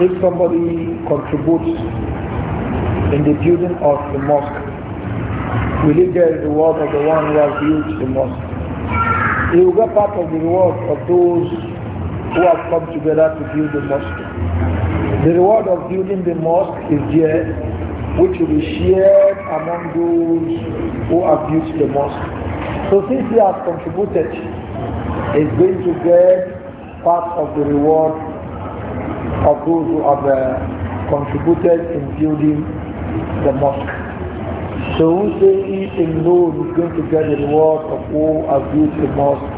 If somebody contributes in the building of the mosque, will live get the reward of the one who has built the mosque. He will get part of the reward of those who have come together to build the mosque. The reward of building the mosque is there, which will be shared among those who have built the mosque. So since he has contributed, is going to get part of the reward of those who have uh, contributed in building the mosque. So who say he alone is going to get the reward of who has built the mosque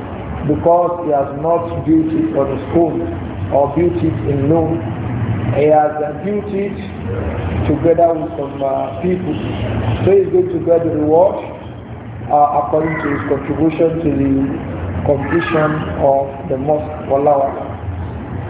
because he has not built it on his own or built it in alone. He has uh, built it together with some uh, people. So he's going to get the reward uh, according to his contribution to the completion of the mosque. Wallahu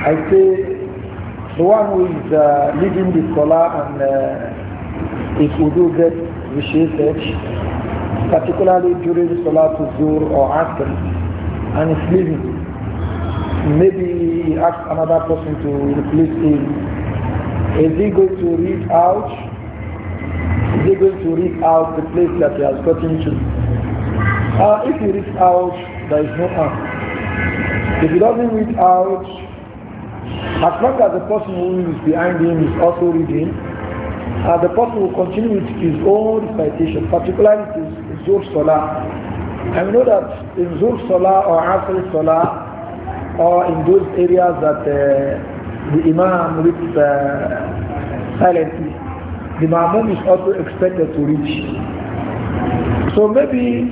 I say the one who is uh, leading the scholar and uh, his do get vitiated, particularly during Salah to Zuhr or after, and is leaving. Maybe he asks another person to replace him. Is he going to read out? Is he going to read out the place that he has gotten to? Uh, if he reads out, there is no harm. If he doesn't read out, as long as the person who is behind him is also reading, uh, the person will continue with his own recitation, particularly his Zur Salah. And we know that in Zur Salah or Asr Salah, or in those areas that uh, the Imam reads uh, silently, the Imam is also expected to reach. So maybe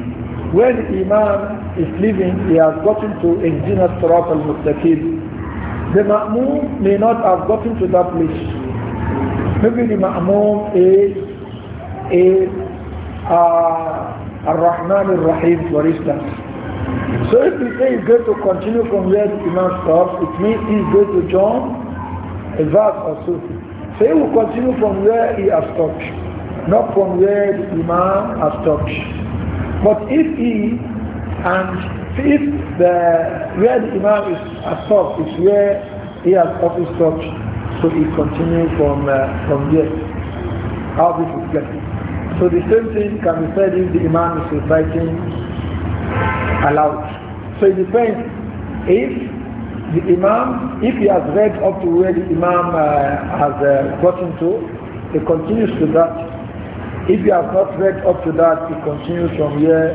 when the Imam is leaving, he has gotten to Ihdina Surat al-Mustaqim. The Ma'mum may not have gotten to that place. Maybe the Ma'mum is a uh, rahman al rahim for instance. So if we say he's going to continue from where the Imam stops, it means he's going to join a verse or so. So he will continue from where he has stopped, not from where the Imam has stopped. But if he and if the where the imam is stopped is where he has office stopped, so he continues from uh, from there. How this is getting. So the same thing can be said if the imam is reciting aloud. So it depends if the imam, if he has read up to where the imam uh, has uh, gotten to, he continues to that. If he has not read up to that, he continues from here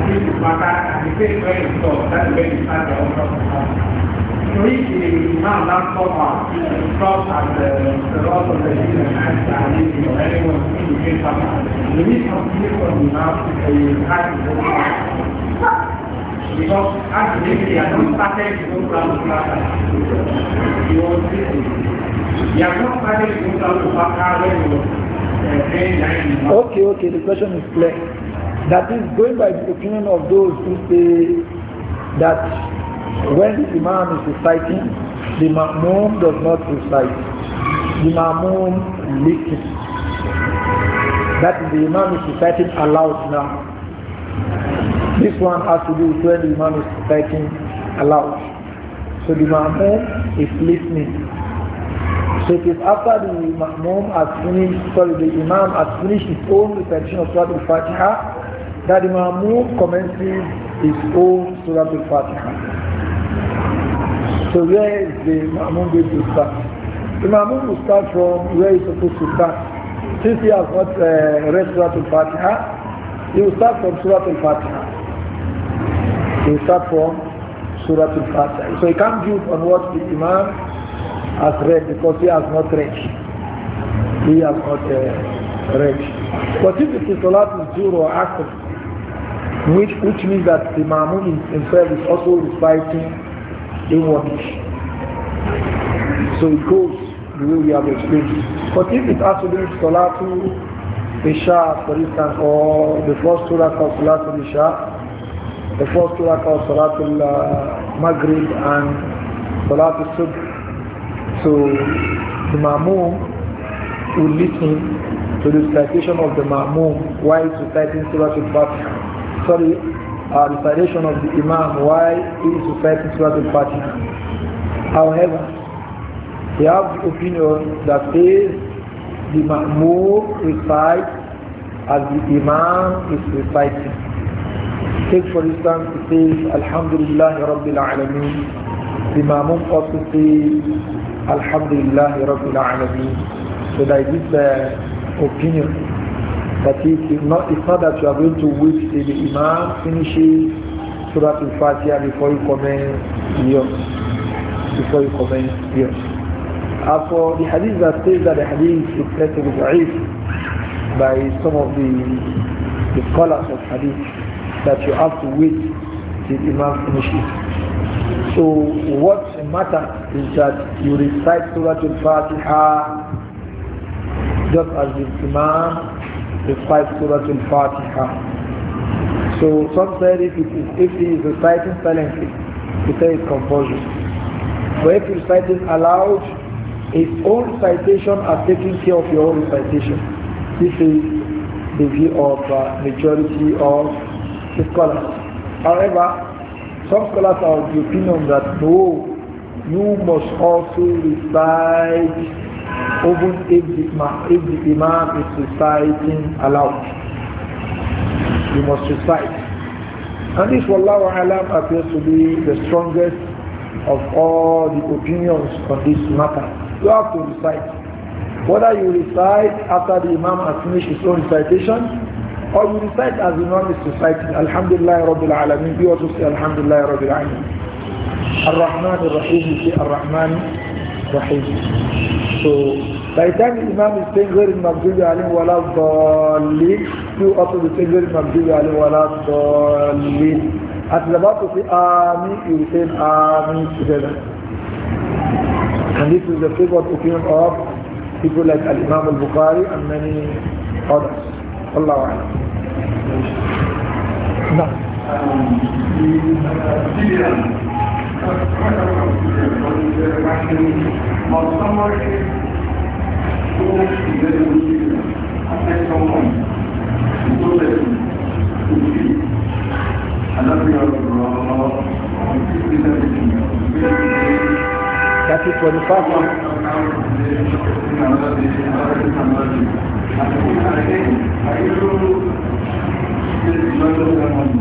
need to and the that's where you start last the, the loss of the human and anyone You need some people to have to go Because are not to go down to You will see. are not to go down to when you uh, Okay, okay, the question is clear. That is going by the opinion of those who say that when the Imam is reciting, the Ma'mum does not recite. The Ma'mum listens. That the Imam is reciting aloud now. This one has to do with when the Imam is reciting aloud. So the Ma'mum is listening. So it is after the Ma'mum has finished, sorry, the Imam has finished his own recitation of Surah Al-Fatiha, that the Mahmoud commences his own Surah Al-Fatiha. So where is the Mahmoud going to start? The Mahmoud will start from where he's supposed to start. Since he has not uh, read Surah Al-Fatiha, he will start from Surah Al-Fatiha. He will start from Surah Al-Fatiha. So he can't build on what the Imam has read because he has not read. He has not uh, read. But if the Salat is Zuru or Asr, which, which means that the Ma'mun himself is also reciting inwardly. So it goes the way we have explained. But if it has to do with Salatu Isha, for instance, or the first surah called of Salatul Isha, the first surah called of Salatul uh, Maghrib and Salatul Subh, so the Ma'mun will listen to the citation of the Ma'mun while reciting Salatul Fatiha sorry, uh, recitation of the Imam why he is reciting Surah Al-Fatiha. However, they have the opinion that says the Ma'mur recites as the Imam is reciting. Take for instance, it says, Alhamdulillah Rabbil Alameen. The Ma'mum also says, Alhamdulillah Rabbil Alameen. So that is the opinion that it's not, it's not that you are going to wait till the Imam finishes Surah Al-Fatiha before you commence your, before you commence your. As for the hadith that says that the hadith is reported with by some of the, the scholars of hadith, that you have to wait till Imam finishes. So what matters is that you recite Surah Al-Fatiha just as the Imam recite Surah Al-Fatiha. So some said if, it is, if he is reciting silently, he says it's compulsory. But if he recites aloud, his own citation are taking care of your own citation. This is the view of uh, majority of the scholars. However, some scholars are of the opinion that no, you must also recite even if the, if the imam is reciting aloud. You must recite. And this Wallahu Alam appears to be the strongest of all the opinions on this matter. You have to recite. Whether you recite after the Imam has finished his own recitation, or you recite as the Imam is reciting, Alhamdulillah Rabbil Alameen, you also say Alhamdulillah Rabbil Alameen. Ar-Rahman, Ar-Rahim, rahman sahih. So by the time the Imam is saying غير المغضوب عليهم ولا الضالين you also will say غير المغضوب عليهم ولا الضالين. At the about to say Amin, you will say Amin together. And this is the favorite opinion of people like Al-Imam al-Bukhari and many others. Allah Alam. No. Um, But somebody who is very good and send someone to go there to see. And that's the other that is for the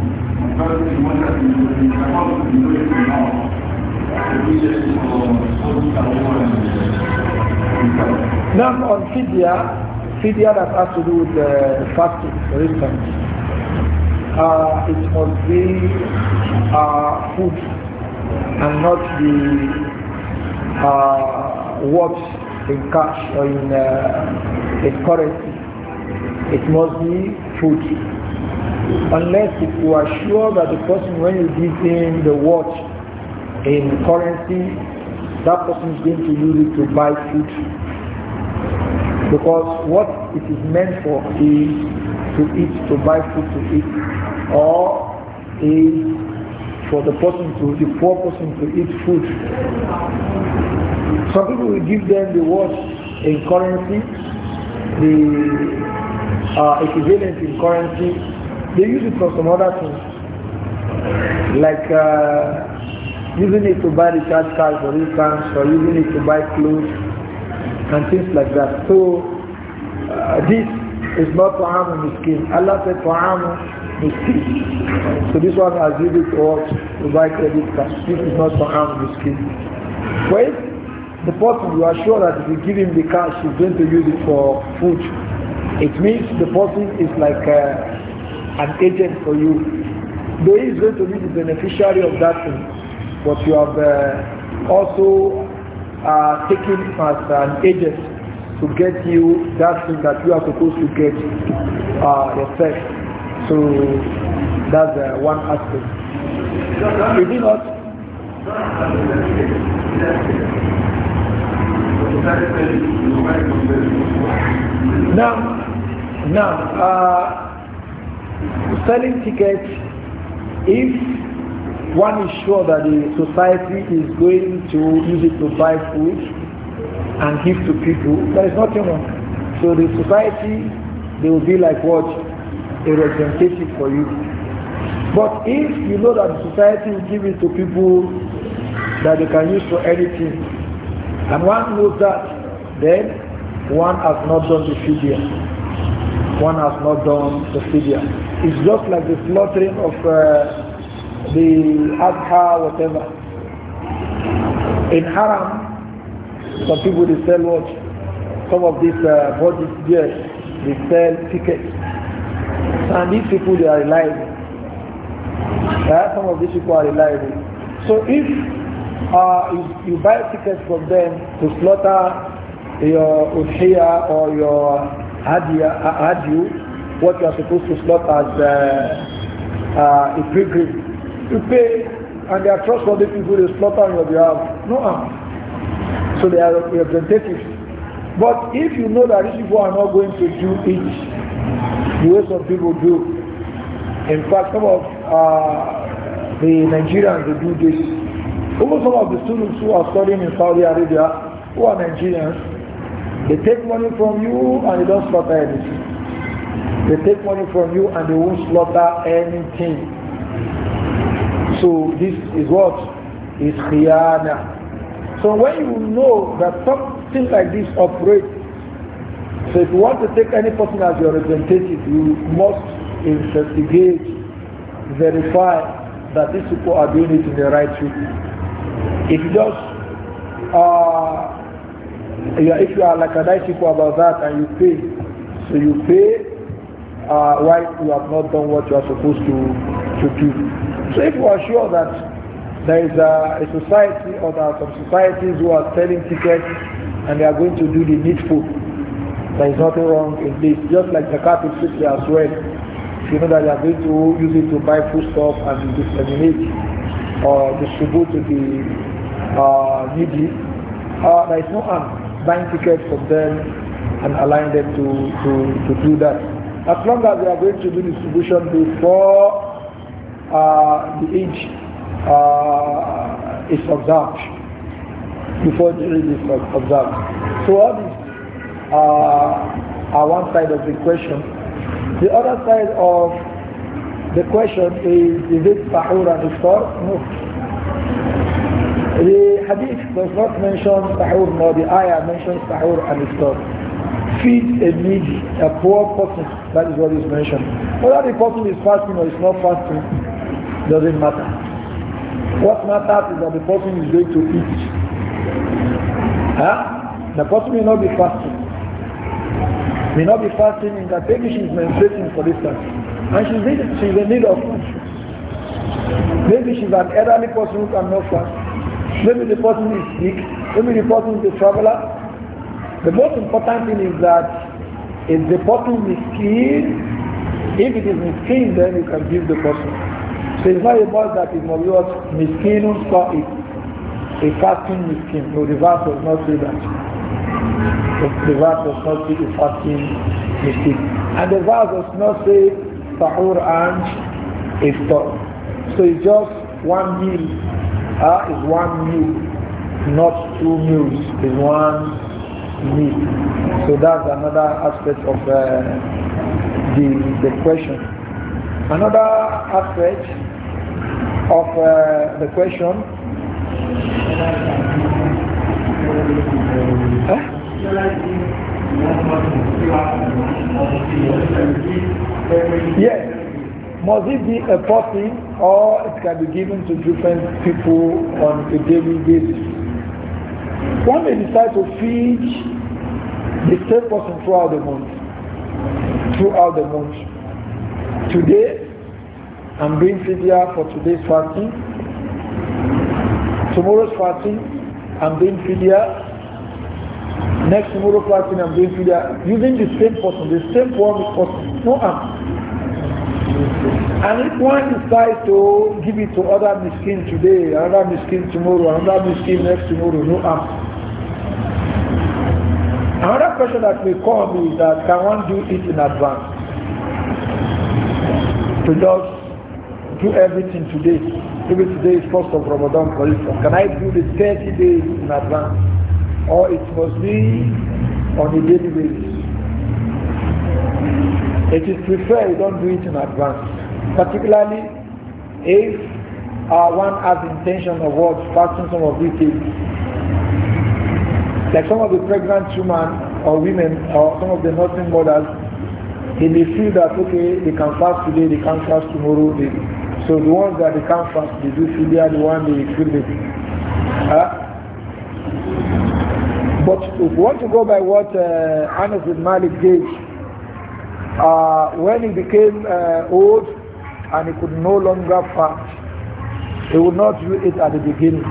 first Now on fidya, fidya that has to do with the, uh, fasting, for instance, uh, it must be uh, food and not the uh, in cash or in, uh, in currency. It must be food unless you are sure that the person when you give him the watch in currency, that person is going to use it to buy food. Because what it is meant for is to eat, to buy food to eat, or is for the person to, the poor person to eat food. Some people will give them the watch in currency, the uh, equivalent in currency, they use it for some other things, like uh, using it to buy the cards card for instance, or using it to buy clothes and things like that. So uh, this is not for harm skin. Allah said for harm so this one has used it towards to buy credit cards. This is not for harm skin. Wait, the person you are sure that if you give him the cash, he's going to use it for food. It means the person is like uh, an agent for you. Though he is going to be the beneficiary of that thing, but you have uh, also uh, taken as an agent to get you that thing that you are supposed to get uh, yourself. So that's uh, one aspect. We do not. Now, now, uh, selling tickets, if one is sure that the society is going to use it to buy food and give to people, there is nothing wrong. So the society, they will be like what? A representative for you. But if you know that the society will give it to people that they can use for anything, and one knows that, then one has not done the fidya one has not done the fidya. It's just like the slaughtering of uh, the adha, whatever. In haram, some people they sell what? Some of these uh, bodies they sell tickets. And these people, they are alive. some of these people are alive. So if uh, you, you buy tickets from them to slaughter your udhiya or your had you, uh, had you what you are supposed to slot as uh, uh, a pilgrim. to pay, and they are trustworthy people, they slaughter on your behalf. No harm. So they are representatives. But if you know that these people are not going to do it, the way some people do, in fact, some of uh, the Nigerians they do this. Even some of the students who are studying in Saudi Arabia, who are Nigerians, they take money from you and they don't slaughter anything. They take money from you and they won't slaughter anything. So this is what is khiyana. So when you know that something like this operates, so if you want to take any person as your representative, you must investigate, verify that these people are doing it in the right way. If you just uh, if you are like a nice people about that and you pay, so you pay uh, why you have not done what you are supposed to, to do. So if you are sure that there is a, a society or there are some societies who are selling tickets and they are going to do the needful, there is nothing wrong in this. Just like the Catholic City as well. You know that they are going to use it to buy food stuff and disseminate or distribute to the uh, needy. Uh, there is no harm buying tickets from them and allowing them to, to, to do that. As long as they are going to do distribution before uh, the age uh, is observed, before the age is observed. So all these uh, are one side of the question. The other side of the question is, is it sahur and iftar? No. The hadith does not mention sahur nor the ayah mentions sahur and iftar. Feed a needy, a poor person, that is what is mentioned. Whether the person is fasting or is not fasting, doesn't matter. What matters is that the person is going to eat. Huh? The person may not be fasting. May not be fasting in that baby she's menstruating for this time, And she's in, she's in need of food. Maybe she's an elderly person who cannot fast. Maybe the person is sick, maybe the person is a traveler. The most important thing is that if the person is keen, if it is miskin, then you can give the person. So it's not about that it must be what miskinun it, a fasting miskin. No, the verse does not say that. The verse does not say a fasting miskin. And the verse does not say sahur and iftar. So it's just one meal Ah is one meal, not two meals, is one meal. So that's another aspect of uh, the, the question. Another aspect of uh, the question. Huh? Eh? Yes, must it be a party, or it can be given to different people on a daily basis? One may decide to feed the same person throughout the month. Throughout the month. Today, I'm doing fidya for today's fasting. Tomorrow's fasting, I'm doing fidya. Next tomorrow's fasting, I'm doing fidya. Using the same person, the same one person. No, I'm and if one decides to give it to other miskin today, another miskin tomorrow, another miskin next tomorrow, no Another question that may come is that can one do it in advance? To just do everything today. Maybe today is first of Ramadan for instance. Can I do the 30 days in advance? Or it must be on a daily basis. It is preferred you don't do it in advance particularly if uh, one has intention of what fasting some of these things. Like some of the pregnant women or women or some of the nursing mothers, they may feel that okay, they can fast today, they can fast tomorrow. They, so the ones that they can fast, they do filia, the one they feel it. Uh, but if you want to go by what uh, Anas bin Malik did, uh, when he became uh, old, and he could no longer fast. He would not do it at the beginning.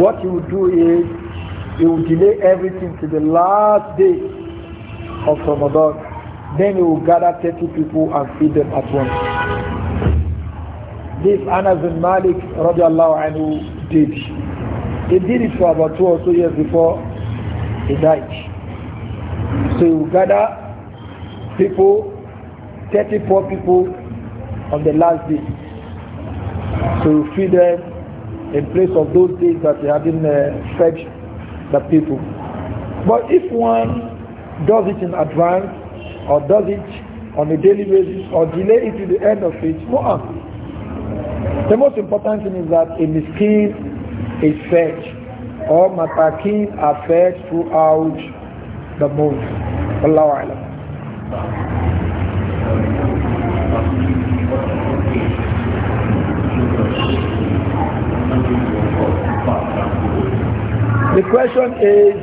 What he would do is he would delay everything to the last day of Ramadan. Then he will gather 30 people and feed them at once. This Anas bin Malik radiallahu anhu did. He did it for about two or three years before he died. So he would gather people, 34 people on the last day. to feed them in place of those days that they have not uh, fed the people. But if one does it in advance or does it on a daily basis or delay it to the end of it, no The most important thing is that a miskin is fed or matakin are fed throughout the month. Allahu Alam. The question is,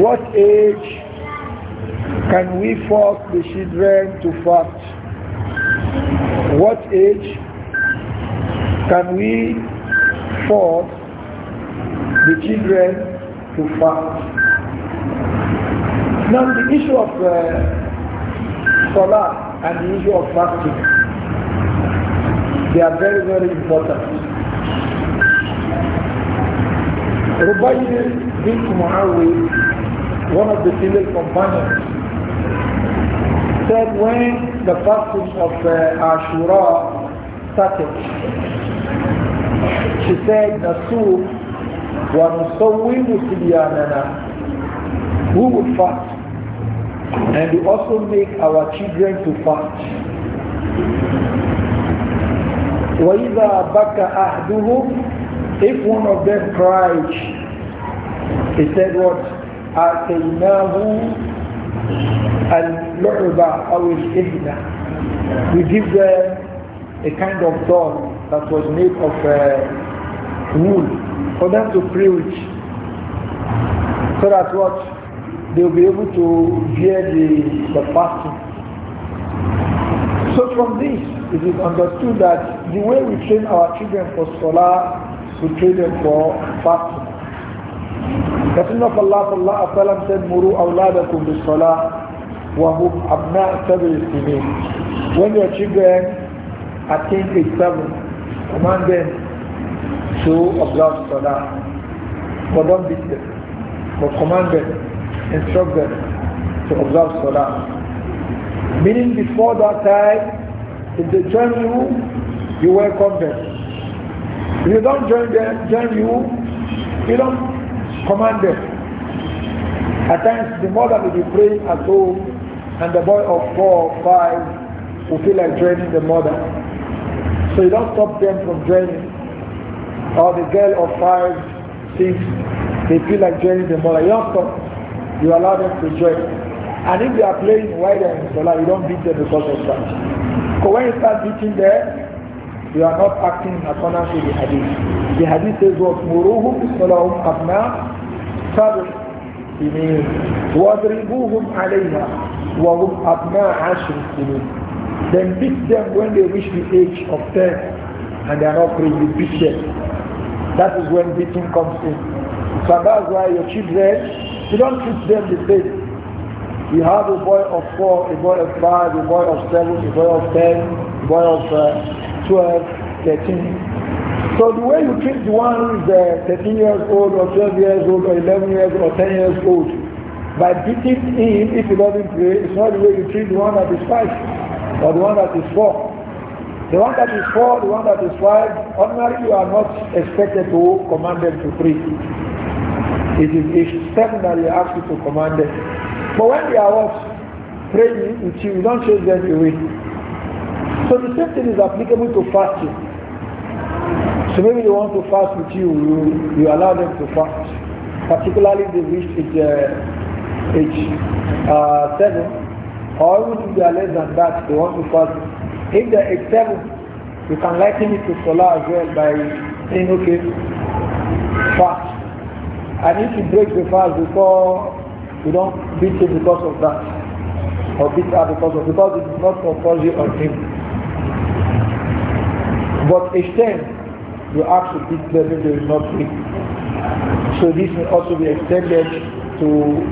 what age can we force the children to fast? What age can we force the children to fast? Now the issue of uh, Salah and the issue of fasting. They are very, very important. Rubayd bin Muawiyah, one of the female companions, said when the fasting of uh, Ashura started, she said, Nasu wa nusawwimu sibyanana. We will fast and we also make our children to fast. وَإِذَا بَكَ أَحْدُهُمْ If one of them cries, he said what? آتَيْنَاهُ اللُعْبَ أَوْ الْإِهْنَى We give them a kind of doll that was made of uh, wool for them to play with. So that what? they will be able to bear the, the So from this, it is understood that the way we train our children for salah, we train them for fasting. رسول الله صلى الله عليه وسلم said مروا أولادكم بالصلاة وهم أبناء سبع سنين when your children attain age seven command them to observe salah but don't beat them but command them instruct them to observe Salah. Meaning before that time, if they join you, you welcome them. If you don't join them, join you, you don't command them. At times the mother will be praying at home and the boy of four or five will feel like joining the mother. So you don't stop them from joining. Or the girl of five, six, they feel like joining the mother. You don't stop. You allow them to join. And if they are playing while they are in Salah, you don't beat them because of that. Because when you start beating them, you are not acting in accordance with the hadith. The hadith says what? Muruhum Salahum Abna Sabr. It means, وَضْرِبُوهُمْ عَلَيْهَا وَهُمْ أَبْنَاءَ عَشْرِ then beat them when they reach the age of 10 and they are not free, you beat them. That is when beating comes in. So that's why your children You don't treat them the same. You have a boy of four, a boy of five, a boy of seven, a boy of ten, a boy of uh, So the way you treat the one who is uh, 13 years old or 12 years old or 11 years old or 10 years old, by beating him if he doesn't pray, it's not the way you treat the one that is five or the one that is four. The one that is four, the one that is five, ordinarily you are not expected to command them to pray. It is externally ask you to command them. But when they are what? Praying you, don't chase them away. So the same thing is applicable to fasting. So maybe they want to fast with you, you, you allow them to fast. Particularly if they reach age, uh, age uh, 7, or even if they are less than that, they want to fast. If they are age 7, you can liken it to Salah as well by saying, okay, fast. I need to break the fast before, you don't beat him because of that. Or beat her because of because it is not compulsory on him. But extend, you ask to beat them if there is not free. So this will also be extended to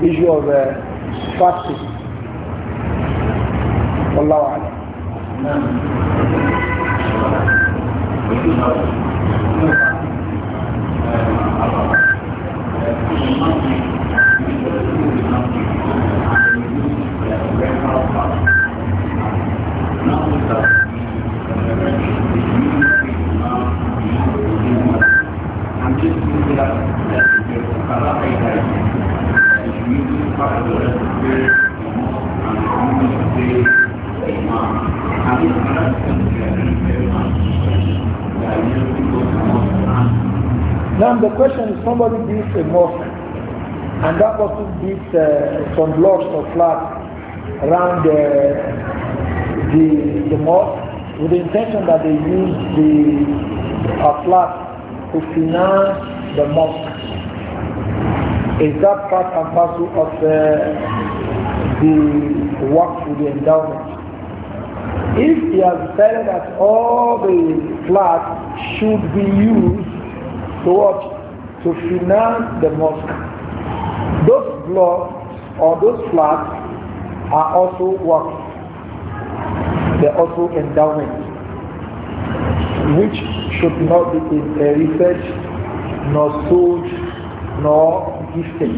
issue of uh, fasting. Wallahu alam. Now the question is somebody gives a mosque and that person did uh, some blocks of flat around the, uh, the, the mosque with the intention that they use the uh, flat to finance the mosque. Is that part and parcel of the, uh, the work with the endowment? If he has said that all the flat should be used to, to finance the mosque, those blocks or those flats are also works. They're also endowments, which should not be in research, nor sold, nor gifted.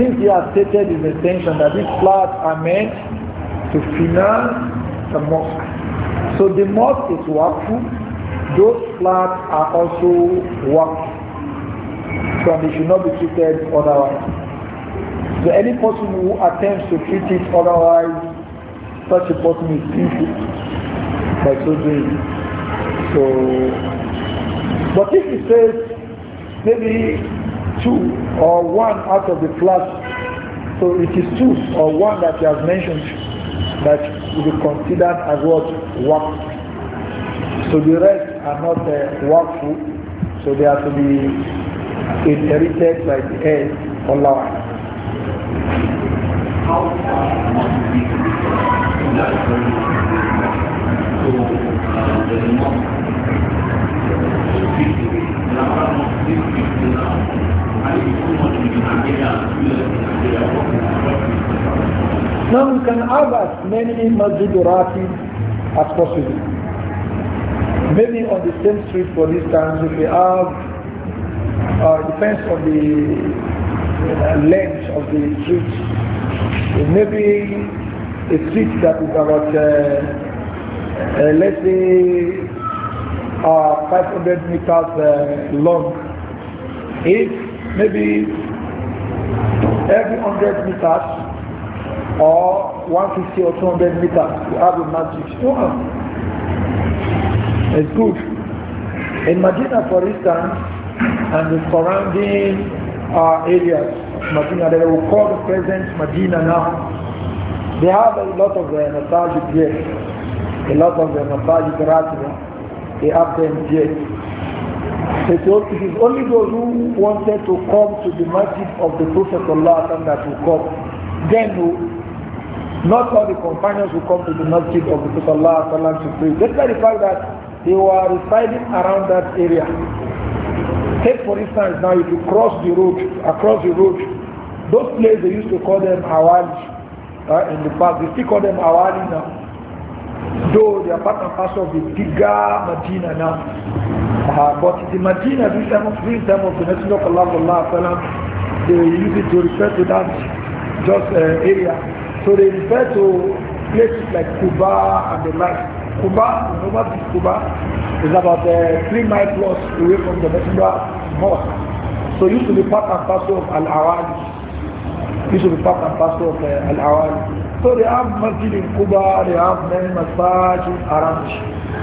Since they are stated in the intention that these flats are meant to finance the mosque. So the mosque is workful, those flats are also workful so they should not be treated otherwise. So any person who attempts to treat it otherwise, such a person is guilty by so doing. So, but if he says maybe two or one out of the class, so it is two or one that you have mentioned that will be considered as what work. So the rest are not uh, workful, so they are to be inherited by the end Allah. Now we can have as many Masjid as possible. Maybe on the same street, for instance, if we have uh, depends on the uh, length of the street. It may be a street that is about, uh, uh, let's say, uh, 500 meters uh, long. If maybe every 100 meters or 150 or 200 meters, you have a magic store. It's good. In Medina, for instance, and the surrounding uh, areas of Medina. They will call the present Medina now. They have a lot of the uh, Masajid here, a lot of the uh, Masajid Ratna. They have them here. It is only those who wanted to come to the masjid of the Prophet Allah that will come. Then not all the companions will come to the masjid of the Prophet Allah to pray. by the fact that they were residing around that area. Take for instance now if you cross the road, across the road, those places they used to call them Awali uh, in the past, they still call them Awali now. Though they are part and parcel of the Tiga Medina now. Uh, but the Medina this time of this time of the Messenger of Allah, they use it to refer to that just uh, area. So they refer to places like Cuba and the like. Kuba, the normal Kuba, is about uh, three miles plus away from the Messenger Mosque. So it used to be part and parcel of Al-Awali. Used to be part and parcel of uh, Al-Awali. So they have masjid in Cuba, they have many masjid in Aranj.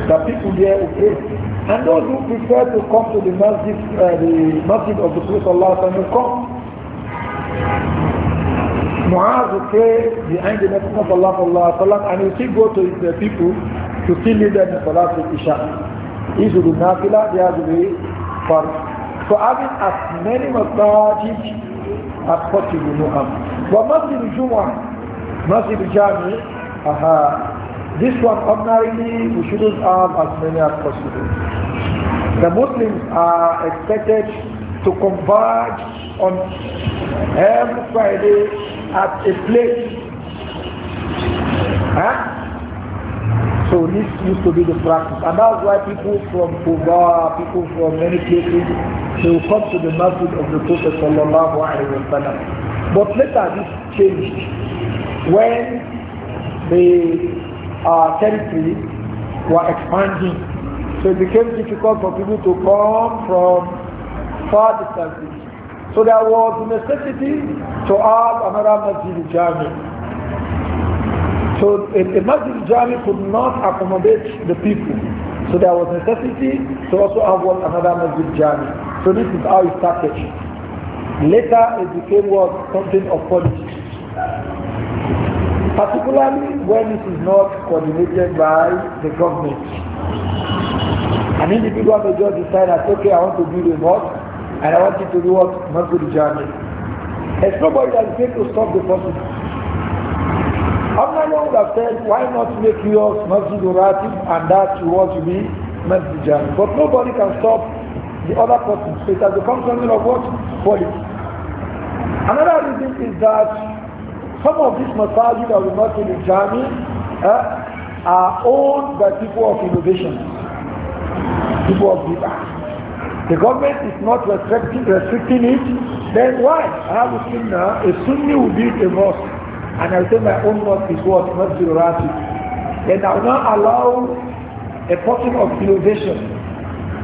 The people there who pray. And those who prefer to come to the masjid, uh, the masjid of the Prophet Allah will come. Muaz will pray behind the Messenger of Allah and he will still go to his uh, people to fill in Salat al-Isha. If you do nafila, to be farz. So having as many as possible, Nu'am. But Masjid al-Jum'ah, Masjid al this one ordinarily we shouldn't have as many as possible. The Muslims are expected to converge on every Friday at a place. Huh? So this used to be the practice. And that's why people from Kuba, people from many places, they will come to the masjid of the Prophet sallallahu alaihi wasallam. But later this changed when the uh, territory were expanding. So it became difficult for people to come from far distances. So there was necessity to have another masjid in Germany. So a, a journey could not accommodate the people. So there was necessity to also have another magic journey. So this is how it started. Later it became what something of politics. Particularly when it is not coordinated by the government. An individual may just decide that okay I want to build a mosque and I want you to do what magic journey." There's nobody that is going to stop the process. Abdullah would have said, why not make yours Masjid Urati and that yours to be Masjid Jami. But nobody can stop the other person. So it has become something of what? Quality. Another reason is that some of these masajid of the Masjid Jami eh, are owned by people of innovation, people of Bid'ah. The government is not restricting, restricting it. Then why? I have a sunnah. A sunni will build a mosque and i say my own mouth is what? Not plurality. Then I will not allow a person of innovation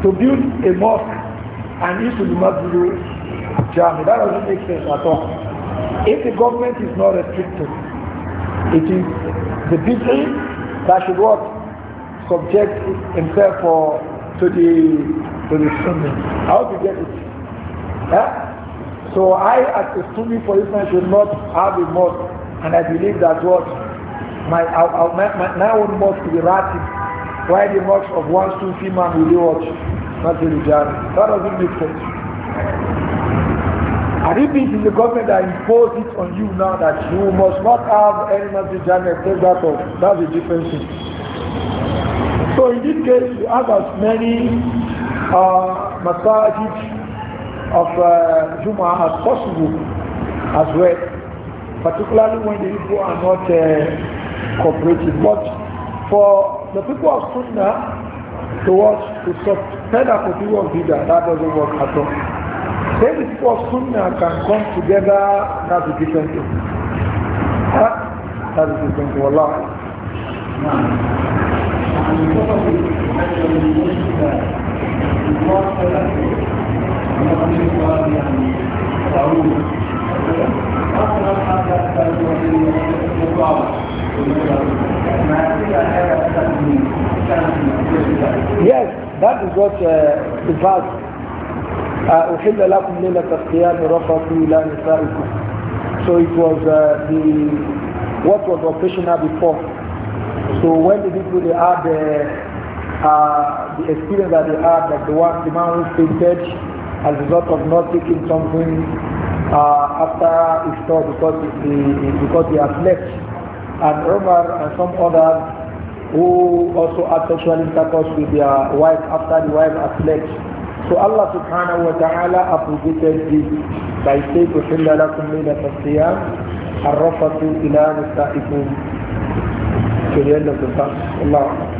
to build a mosque and it should not be Germany. That doesn't make sense at all. If the government is not restricted, it is the people that should what? Subject himself for, to the to the Sunni. How do you get it? Yeah? So I as a Sunni for instance should not have a mosque and I believe that what my, I, my, my, my own mosque be ratted. Why the marks of one man will be what? Not religion. That doesn't make sense. And if it is the government that imposed it on you now that you must not have any masjid except that of, that's a different thing. So in this case, you have as many uh, of uh, Juma as possible as well. particularly when the people are not uh, cooperative. But for the people of Sunnah to watch, to suspend a people of Bida, that doesn't work at all. Then the people of Sunnah can come together, that's a different thing. Huh? That's a different thing. Allah. Thank Yes, that is what uh, the verse uh, أحل لكم ليلة الصيام رفض إلى نسائكم So it was uh, the what was operational before. So when the people they had uh, uh, the experience that they had that the one the man who fainted as a result of not taking something uh, after Ishtar because, he, because he has left. And Omar and some others who also had sexual intercourse with their wife after the wife has left. So Allah subhanahu wa ta'ala abrogated this by saying, أُحِلَّ لَكُمْ لَيْلَةَ الصِّيَامِ الرَّفَثُ إِلَىٰ نِسَائِكُمْ To the end of the verse. Allah.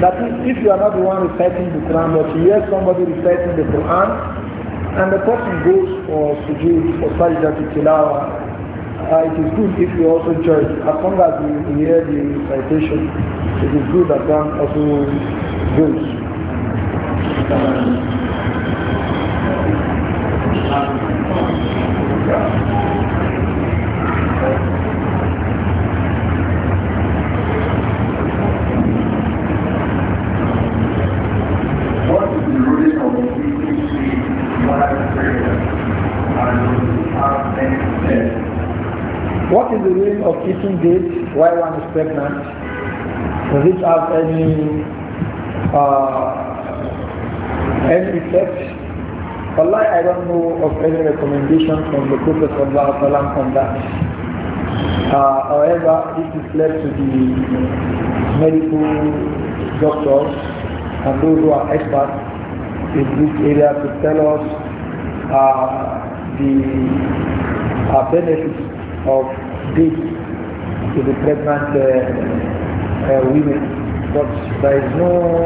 That is, if you are not the one reciting the Quran, but you hear somebody reciting the Quran, and the person goes for sujood, for sajda to tilawa, uh, it is good if you also judge. As long as you hear the recitation, it is good that one also goes. Um, eating date while one is pregnant, does it have any uh, any effect? Allah, I don't know of any recommendation from the Prophet on that. Uh, however, this is left to the medical doctors and those who are experts in this area to tell us uh, the uh, benefits of this to the pregnant uh, uh, women. But there is no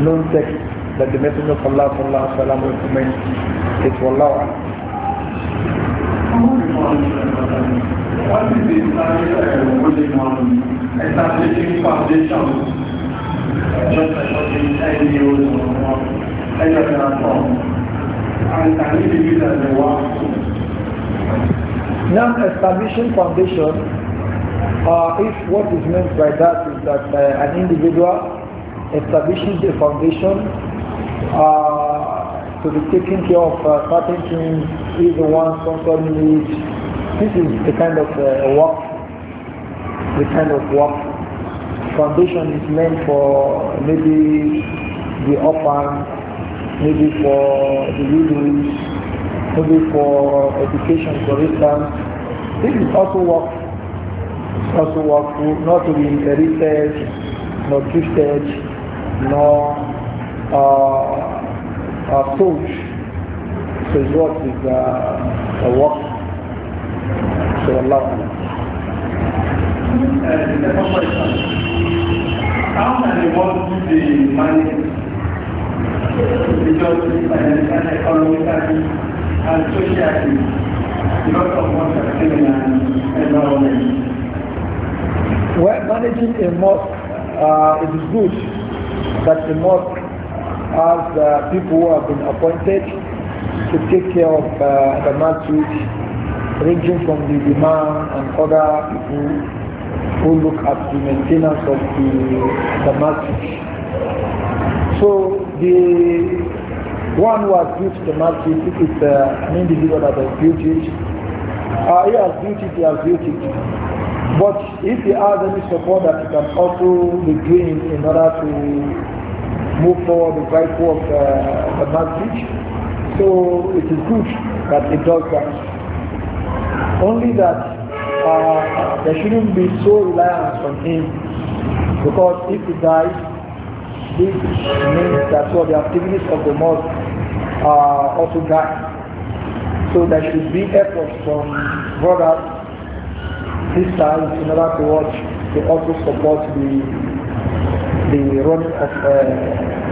known text that the Messenger of Allah sallallahu alaihi wasallam recommends. It's wallahu What is the Islamic uh, establishing foundations, just like what the NGOs or any and can believe that they work? Now establishing foundation uh, if what is meant by that is that uh, an individual establishes a foundation uh, to be taking care of uh, certain things, is one sponsoring it. This is the kind of uh, work, the kind of work. Foundation is meant for maybe the orphan, maybe for the widows, maybe for education, for instance. This is also work not to work not to be inherited, nor gifted, nor uh, uh, sold. So his work is uh, a work. So Allah. How many words do be manage? Because financial, economic, and social because of one Definitely a mosque, uh, it is good that the mosque has uh, people who have been appointed to take care of uh, the masjid, ranging from the imam and other people who look at the maintenance of the, the masjid. So the one who has built the masjid, it is uh, an individual that has built it. Uh, he has built it, he has built it. But if he has any support that he can also be doing in order to move forward the rightful uh, of the, the message, so it is good that it does that. Only that uh, uh, there shouldn't be so reliance on him because if he dies, this means that all the activities of the mosque are also died. So there should be efforts from brothers this time, in order to watch we also support the the running of uh,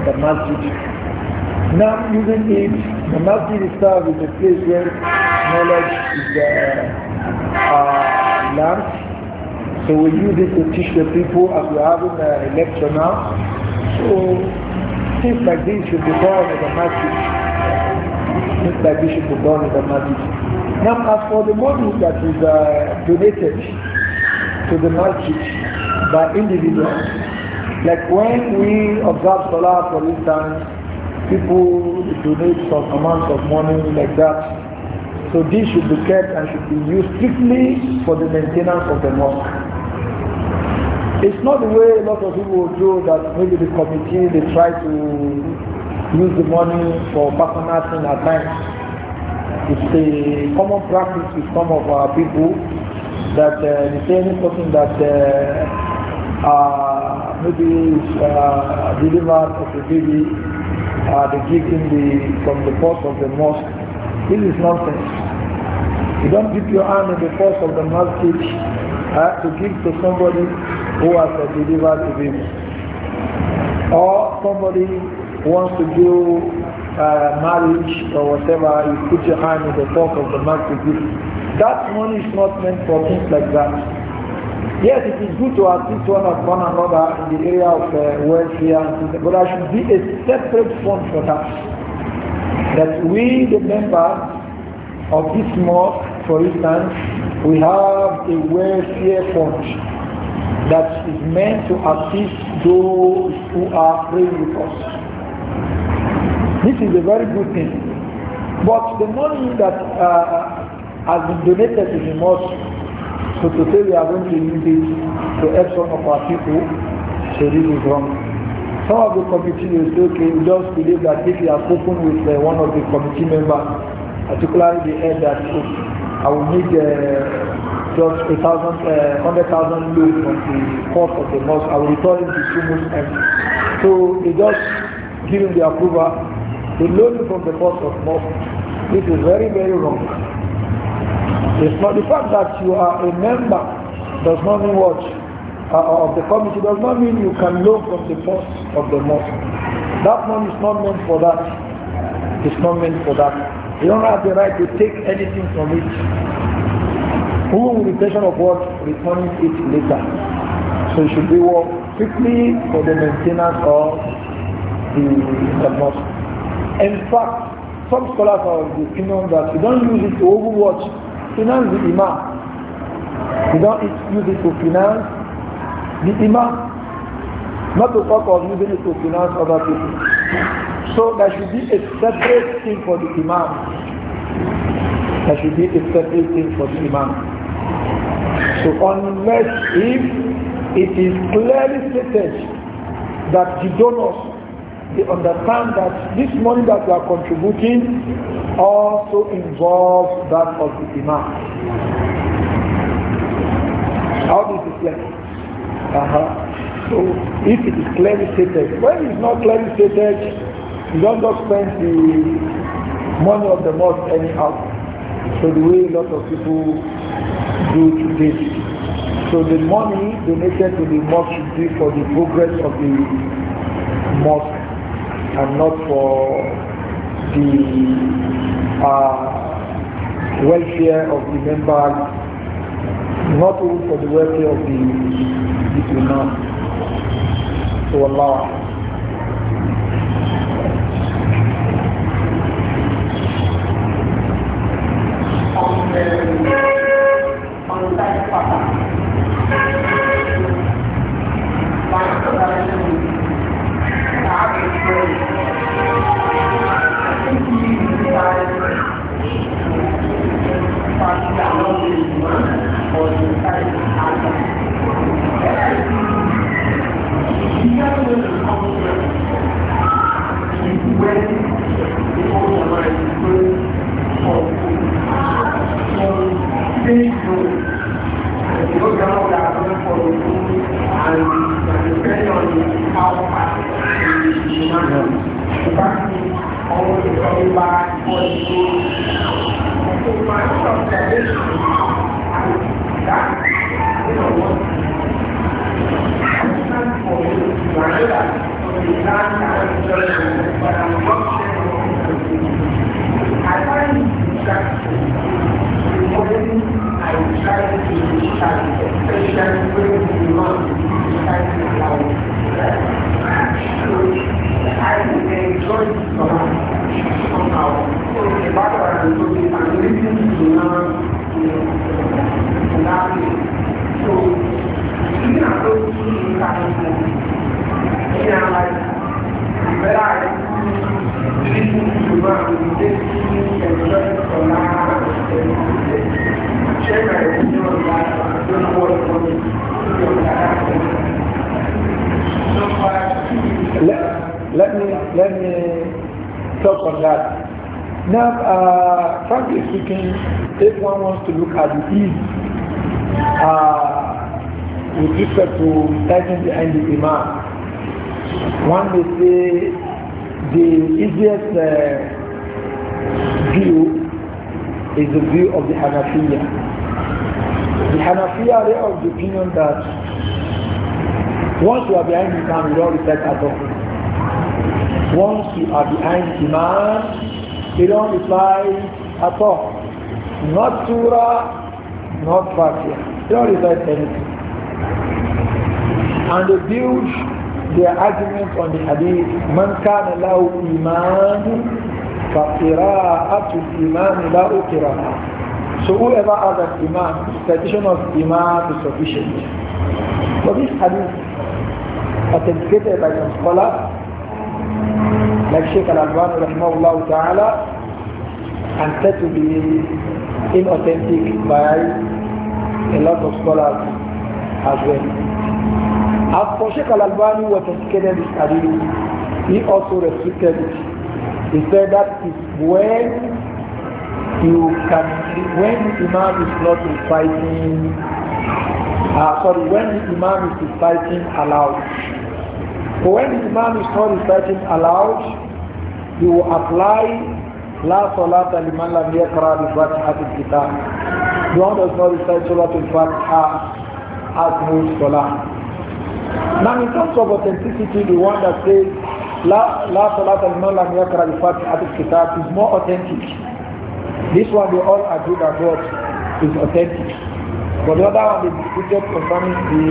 the masjid. Now using it, the masjid itself is a place where knowledge is uh, uh, learned. So we use it to teach the people as we are having uh, a lecture now. So things like this should be done in the masjid. Things like this should be done in the masjid. Now, as for the money that is uh, donated to the masjid by individuals, like when we observe Salah, for instance, people donate some amount of money like that. So this should be kept and should be used strictly for the maintenance of the mosque. It's not the way a lot of people do that maybe the committee, they try to use the money for personal things at times. It's a common practice with some of our people that uh, they say any person that uh, uh, maybe is uh, delivered of a baby, uh, they give him the, from the post of the mosque. This is nonsense. You don't give your arm in the post of the mosque uh, to give to somebody who has uh, delivered a baby. Or somebody wants to do uh, marriage or whatever, you put your hand in the fork of the market. That money is not meant for things like that. Yes, it is good to assist one, one another in the area of uh, welfare, but there should be a separate fund for that. That we, the members of this mosque, for instance, we have a welfare fund that is meant to assist those who are praying with us. This is a very good thing. But the money that uh, uh, has been donated to the mosque, so to say we are going to use it to help some of our people, so this is wrong. Some of the committee will say, okay, we just believe that if you are spoken with uh, one of the committee members, particularly the head that oh, I will need uh, just a thousand, uh, hundred thousand loans from the cost of the mosque. I will return it to two Muslims. So they just give him the approval to learn from the boss of mosque. This is very, very wrong. It's not the fact that you are a member does not mean what uh, uh of the committee does not mean you can learn from the boss of the mosque. That money is not meant for that. It's not meant for that. You don't have the right to take anything from it. Who will be patient of what returning it later? So it should be worked strictly for the maintenance of the, the mosque. In fact, some scholars are of the opinion that you don't use it to overwatch, finance the imam. You don't use it to finance the imam. Not to talk of using it to finance other people. So there should be a separate thing for the imam. There should be a separate thing for the imam. So unless if it is clearly stated that the donors they understand that this money that we are contributing also involves that of the imam. How this is clear? Uh-huh. So if it is clearly stated, when it's not clearly stated, you don't just spend the money of the mosque anyhow. So the way a lot of people do today. So the money donated to the mosque should be for the progress of the mosque and not for the uh, welfare of the members, not only for the welfare of the, diplomats. So Allah. let me let me talk on that. Now, uh, frankly speaking, if one wants to look at the ease uh, with respect to standing behind the imam, one may say the easiest uh, view is the view of the Hanafiya. The Hanafiya are of the opinion that once you are behind the imam, you don't respect at all. Once you are behind Imam, you don't reply at all. Not Surah, not Fatiha. You don't recite anything. And they build their argument on the hadith, Man kana lahu iman, فقراءة الإمام لا قراءة so whoever has an imam, citation of imam is sufficient. But this hadith, authenticated by some scholars, like Sheikh ta'ala and said to be inauthentic by a lot of scholars as well. As for Sheikh Al-Albani was educated in hadith, he also restricted it. He said that is when you can, when the Imam is not reciting, uh, sorry, when the Imam is reciting aloud. when the Imam is not reciting aloud, he will apply لا صلاة لمن لم يقرأ بفاتحة الكتاب. The one does not recite Surah Al-Fatiha has salah. Now in terms of authenticity, the one that says la لا لا صلاة لمن لم يقرأ بفاتحة الكتاب is more authentic. This one we all agree that what is authentic. But the other one is disputed concerning the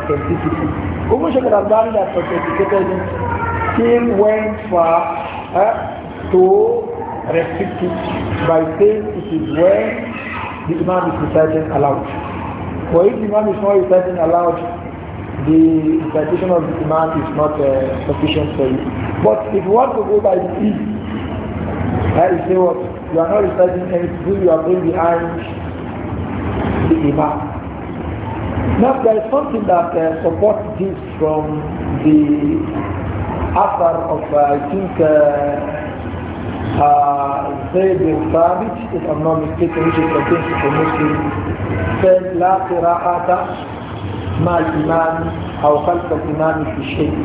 authenticity. Umu Shaykh al-Albani has authenticated still went far uh, to restrict it by saying it is when the Imam is reciting aloud. For if the Imam is not reciting aloud, the recitation of the Imam is not uh, sufficient for you. But if you want to go by the ease, uh, you say what? You are not reciting anything, you are going behind the Imam. Now there is something that uh, supports this from the أفر أفايتوكا زيد الثابت الأمام الكتاب هو الكتاب في المسلم فلا قراءة مع الإمام أو خلف الإمام في شيء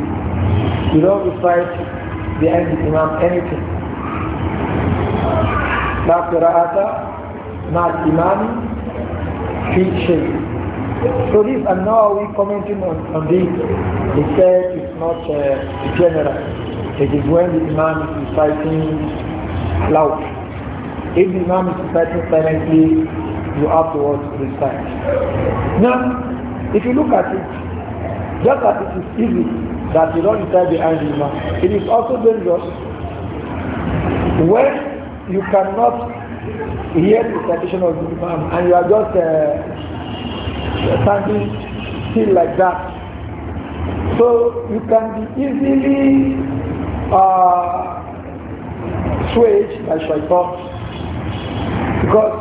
You don't recite behind the Imam anything. لا قراءة مع الإمام في شيء So this and now we commenting on, on this, he said it's not uh, general. It is when the Imam is reciting loud. If the Imam is reciting silently, you afterwards recite. Now, if you look at it, just as it is easy that you don't recite behind the Imam, it is also dangerous when you cannot hear the citation of the Imam and you are just uh, standing still like that. So you can be easily uh, swayed by shaitan because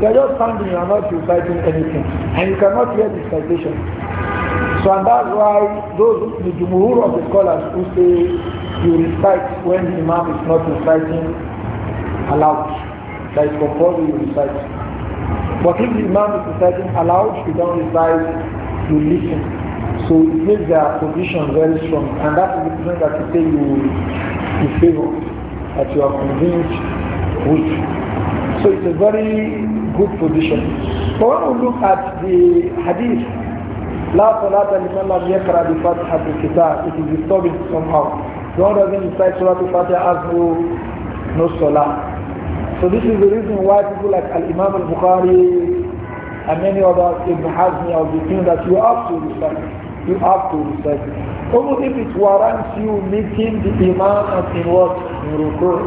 you are just standing, you are not reciting anything, and you cannot hear the citation. So and that's why those the jumhur of the scholars who say you recite when the imam is not reciting aloud, that is compulsory you but if the Imam is reciting aloud, you don't recite, to listen. So it makes their position very strong. And that is the reason that you say you, you favor, that you are convinced with. So it's a very good position. But when we look at the hadith, لا صلاة لمن لم يقرأ بفاتحة الكتاب it is disturbing somehow. The one doesn't recite Surah to fatiha has no, no salah. So this is the reason why people like Al-Imam al-Bukhari and many others, Ibn Hazmi, are the thing that you have to respect. You have to respect. Even if it warrants you meeting the Imam and in what? In Rukur.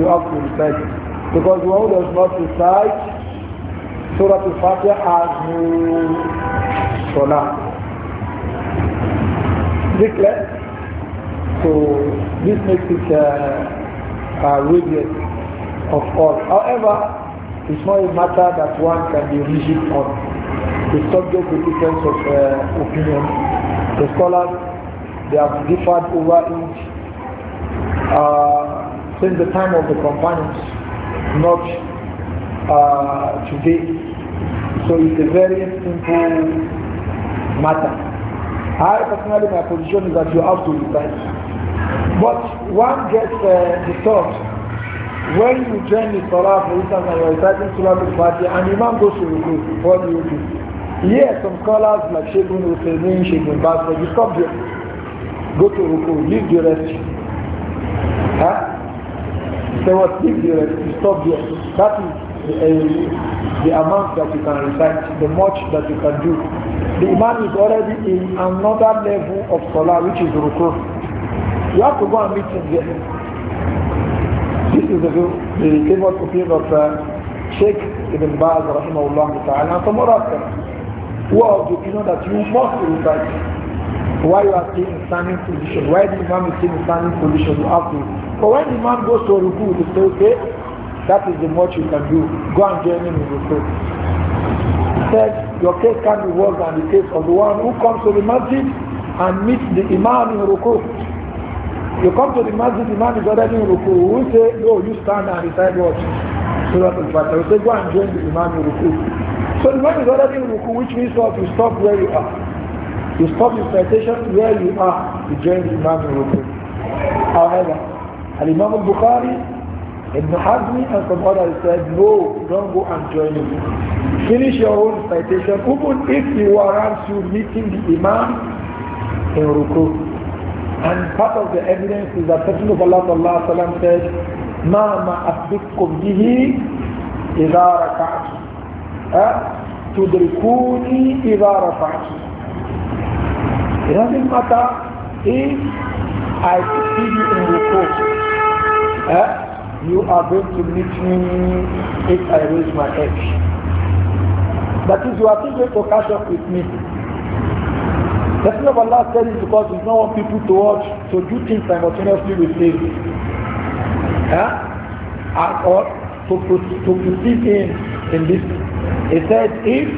You have to respect. Because one does not recite Surah Al-Fatiha as no Salah. So this makes it uh, uh, rigid of all. However, it's not a matter that one can be rigid on. The subject to difference of uh, opinion. The scholars, they have differed over it uh, since the time of the companions, not uh, today. So it's a very simple matter. I personally, my position is that you have to decide. But one gets uh, disturbed when you join the Salah, for instance, and you're reciting salah al party and Imam goes to Ruku, what do you do? Yes, some scholars like Sheikh Ibn Hussein, Sheikh Basra, you stop there. Go to Ruku, leave the rest. Huh? Say so what? Leave the rest, you stop there. That is the, uh, the amount that you can recite, the much that you can do. The Imam is already in another level of Salah, which is Ruku. You have to go and meet him there. This is the, view, the favored opinion of uh, Sheikh Ibn Baz rahimahullah ta'ala and some others who are of the opinion that you must recite why you are staying in standing position, why the Imam is staying in standing position, you have to. But when the Imam goes to a Ruku, you say, okay, that is the much you can do. Go and join him in Ruku. He said, your case can be worse than the case of the one who comes to the masjid and meets the Imam in Ruku. You come to the masjid, the man is already in ruku. We say, no, you stand and recite what? Surah Al-Fatiha. We say, go and join the imam in ruku. So the man is already in ruku, which means what? You stop where you are. You stop your recitation where you are. You join the imam in ruku. However, Al-Imam al-Bukhari Ibn Hazmi and some others said, no, don't go and join him. Finish your own citation, even if he warrants you meeting the Imam in Ruku. And part of the evidence is that Prophet of Allah sallallahu alayhi wa said, مَا مَا أَفْدِكُمْ بِهِ إِذَا رَكَعْتُ تُدْرِكُونِي إِذَا رَفَعْتُ It doesn't matter if I see you in ruku eh? you are going to meet me if I raise my head. That is, you are still going to catch up with me. The Messenger of Allah said is because we don't want people to watch, so do things simultaneously with him. Huh? Or to, to proceed him in this. He said, if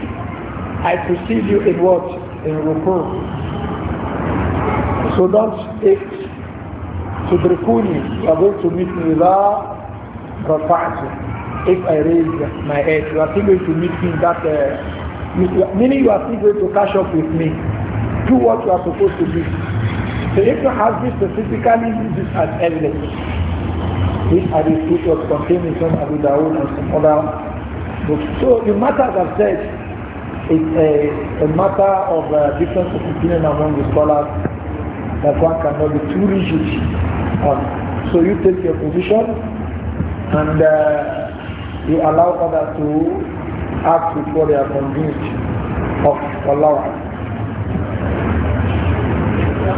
I perceive you in what? In report, So don't take تدركوني you are going to meet me إذا رفعت if I raise my head you are still going to meet me that uh, you, meaning you are still going to catch up with me do what you are supposed to do. So if you have this specifically, this this an evidence. This hadith which was contained in some Abu Dawud and some other books. So the matter, of i said, is a, a matter of uh, difference of opinion among the scholars that one cannot be too rigid So you take your position and uh, you allow others to act before they are convinced of. Allah.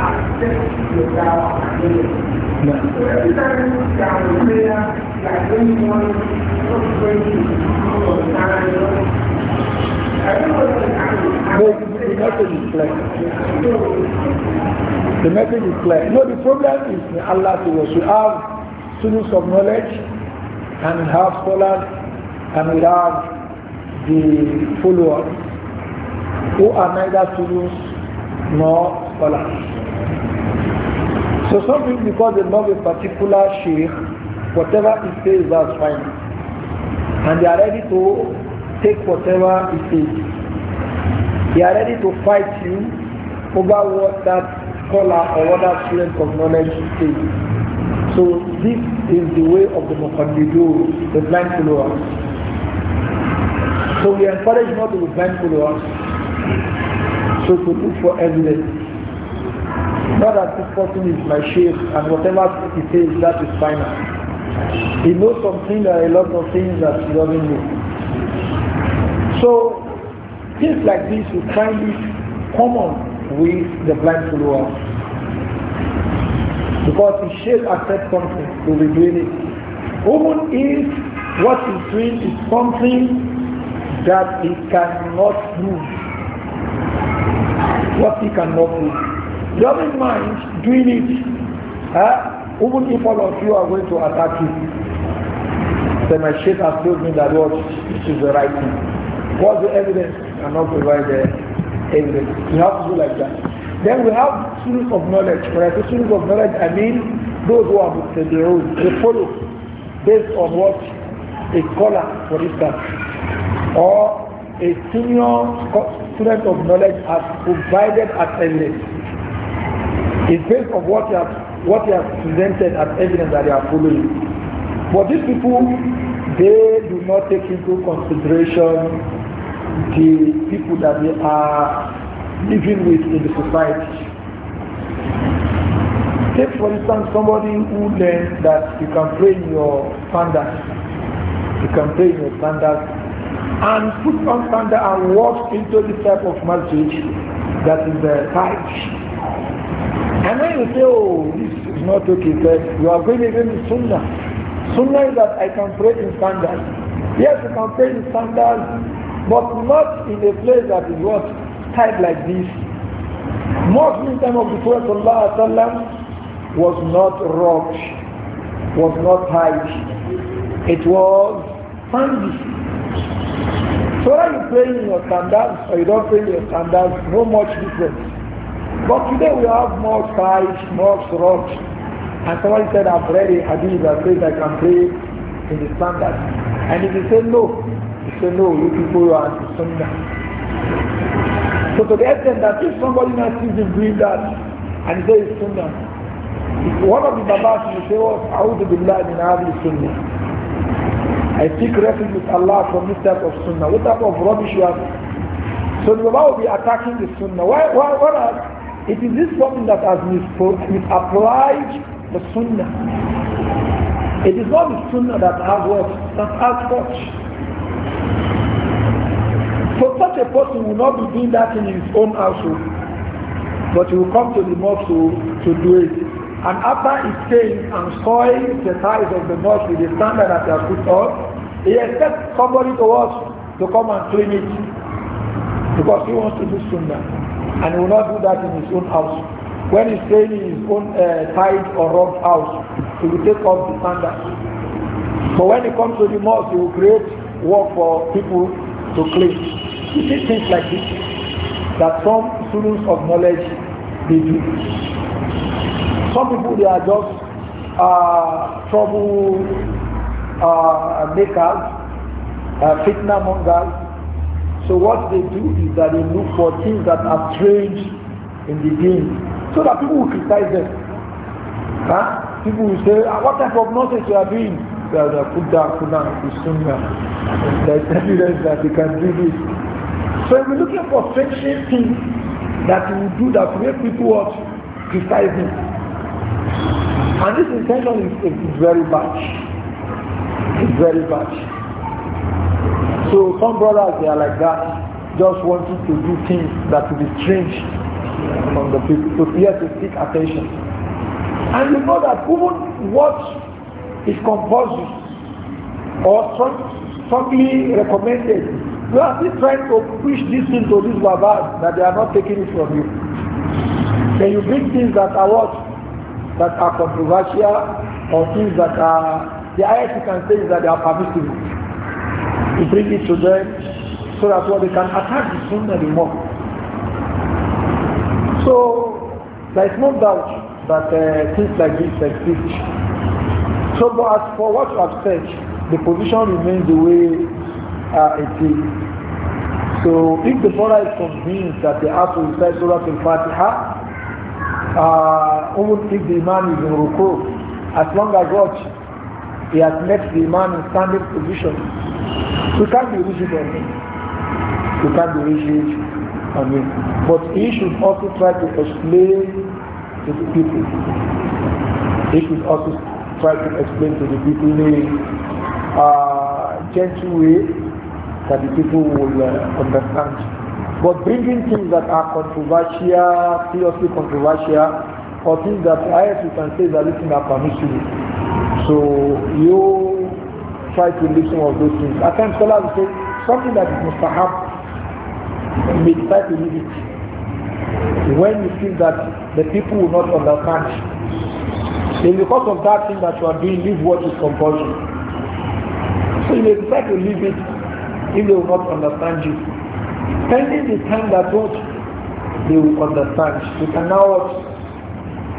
No. So every time down the you want to pray to the message is clear. The message is clear. No, the problem is Allah to us. We have students of knowledge and we have scholars and we have the followers who are neither students nor so some people, because they love a particular sheikh, whatever he says, that's fine. And they are ready to take whatever he says. They are ready to fight you over what that scholar or what that student of knowledge says. So this is the way of the Muqaddidu, the blind followers. So we encourage not to be blind followers. So to look for evidence. Not that this person is my sheikh and whatever he says, that is final. He knows something that a lot of things that he doesn't know. So things like this kind of common with the blind follower. Because if sheikh accepts something, he will be doing it. Even if what he's doing is something that he cannot do. What he cannot do. You not mind doing it, huh? Eh? even if all of you are going to attack you. Then my sheikh has told me that what this is the right thing. What's the evidence? I'm not provided evidence. You have to do like that. Then we have students of knowledge. When I say students of knowledge, I mean those who are the rules. They follow based on what a scholar, for instance, or a senior student of knowledge has provided as evidence. In based on what you have what you have presented as evidence that they are following. But these people, they do not take into consideration the people that they are living with in the society. Take for instance somebody who learns that you can pray in your standards. You can pray in your standards and put on standard and walk into the type of marriage that is the uh, type and when you say, oh, this is not okay, sir, you are going against Sunnah. Sunnah is that I can pray in sandals. Yes, you can pray in sandals, but not in a place that is what tight like this. Muslim time of the Prophet ﷺ was not rocked, was not tight. It was sandy. So are you praying in your sandals or you don't pray in your sandals, no much difference. But today we have more fights, more rocks. And somebody said, I've read a hadith that says I can pray in the standard. And if you say no, you say no, you people are sunnah So to the extent that if somebody now sees him doing that and there is sunnah, if one of the babas will say, oh, A'udhu Billah min Adi sunnah. I seek refuge with Allah from this type of sunnah. What type of rubbish you are? So the Baba will be attacking the sunnah. Why, why, why are it is this person that has misapplied the sunnah. It is not the sunnah that has worked, That has worked. So such a person will not be doing that in his own household, but he will come to the mosque to, to do it. And after he came and soiled the ties of the mosque with the standard that they have put up, he expects somebody to watch to come and clean it because he wants to do sunnah. And he will not do that in his own house. When he's staying in his own uh, tied or robbed house, he will take off the sandals. But when he comes to the mosque, he will create work for people to clean. You see things like this that some students of knowledge they do. Some people they are just uh, trouble uh, makers, uh, fitna mongers, so what they do is that they look for things that are strange in the game so that people will criticize them. Huh? People will say, ah, what type of nonsense you are doing? Well, they put down, put down, put There's evidence that they can do this. So we're looking for strange things that will do that make people what? Criticize them. And this intention is, is very bad. It's very bad. So some brothers, they are like that, just wanting to do things that will be strange from the people. So here to seek attention. And you know that even what is compulsory or strongly recommended, you are still trying to push this into these babas that they are not taking it from you. Then you bring things that are what? That are controversial or things that are, the highest you can say is that they are permissible to bring it to them so that what they can attack the sunnah anymore. So there is no doubt that uh, things like this exist. So but as for what you have said, the position remains the way uh, it is. So if the brother is convinced that they have to recite Surah Al-Fatiha, uh, even if the imam is in ruku, as long as what he has met the man in standing position. We can't be rigid on him. can't be rigid on him. But he should also try to explain to the people. He should also try to explain to the people in a uh, gentle way that the people will uh, understand. But bringing things that are controversial, seriously controversial, or things that I, you can say that listen are permissible. So you try to leave some of those things. At times scholars say something that is mustahab, may try to leave it. When you feel that the people will not understand, then because of that thing that you are doing, leave what is compulsory. So you may try to leave it if they will not understand you. Spending the time that what they will understand, you can now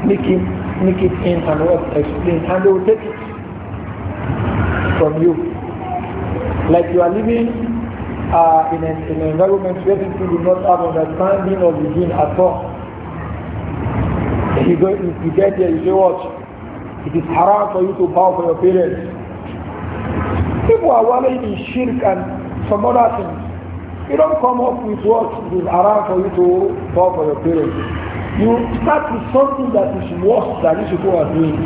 make him sneak it in and what explain and they will take it from you. Like you are living uh, in, an, in an environment where people do not have understanding of the deen at all. You, go, you get there, you say what? It is haram for you to bow for your parents. People are worried in shirk and some other things. You don't come up with what it is haram for you to bow for your parents you start with something that is worse than what people are doing.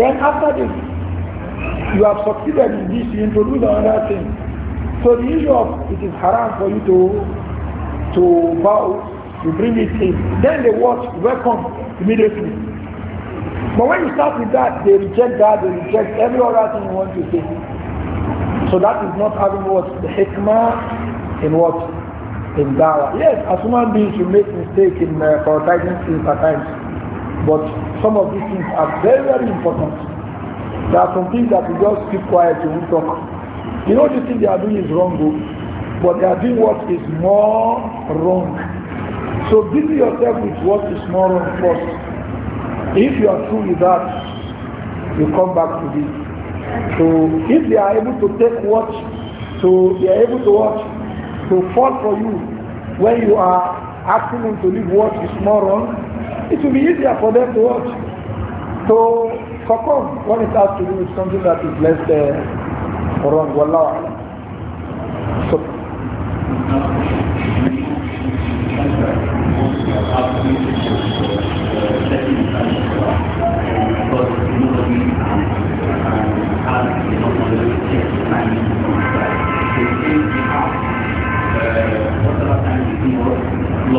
Then after this, you have succeeded in this, you introduce another thing. So the issue of it is haram for you to to bow, to bring it in. Then they watch, welcome immediately. But when you start with that, they reject that, they reject every other thing you want to say. So that is not having what? The hikmah in what? in dawah. Yes, as human beings we make mistakes in uh, prioritizing things at times. But some of these things are very, very important. There are some things that we just keep quiet and we talk. You know you thing they are doing is wrong, but they are doing what is more wrong. So busy yourself with what is more wrong first. If you are true with that, you come back to this. So if they are able to take what, so they are able to watch to fall for you when you are asking them to leave what is more wrong, it will be easier for them to watch, So, succumb what it has to do with something that is less uh, wrong. Wallah. So,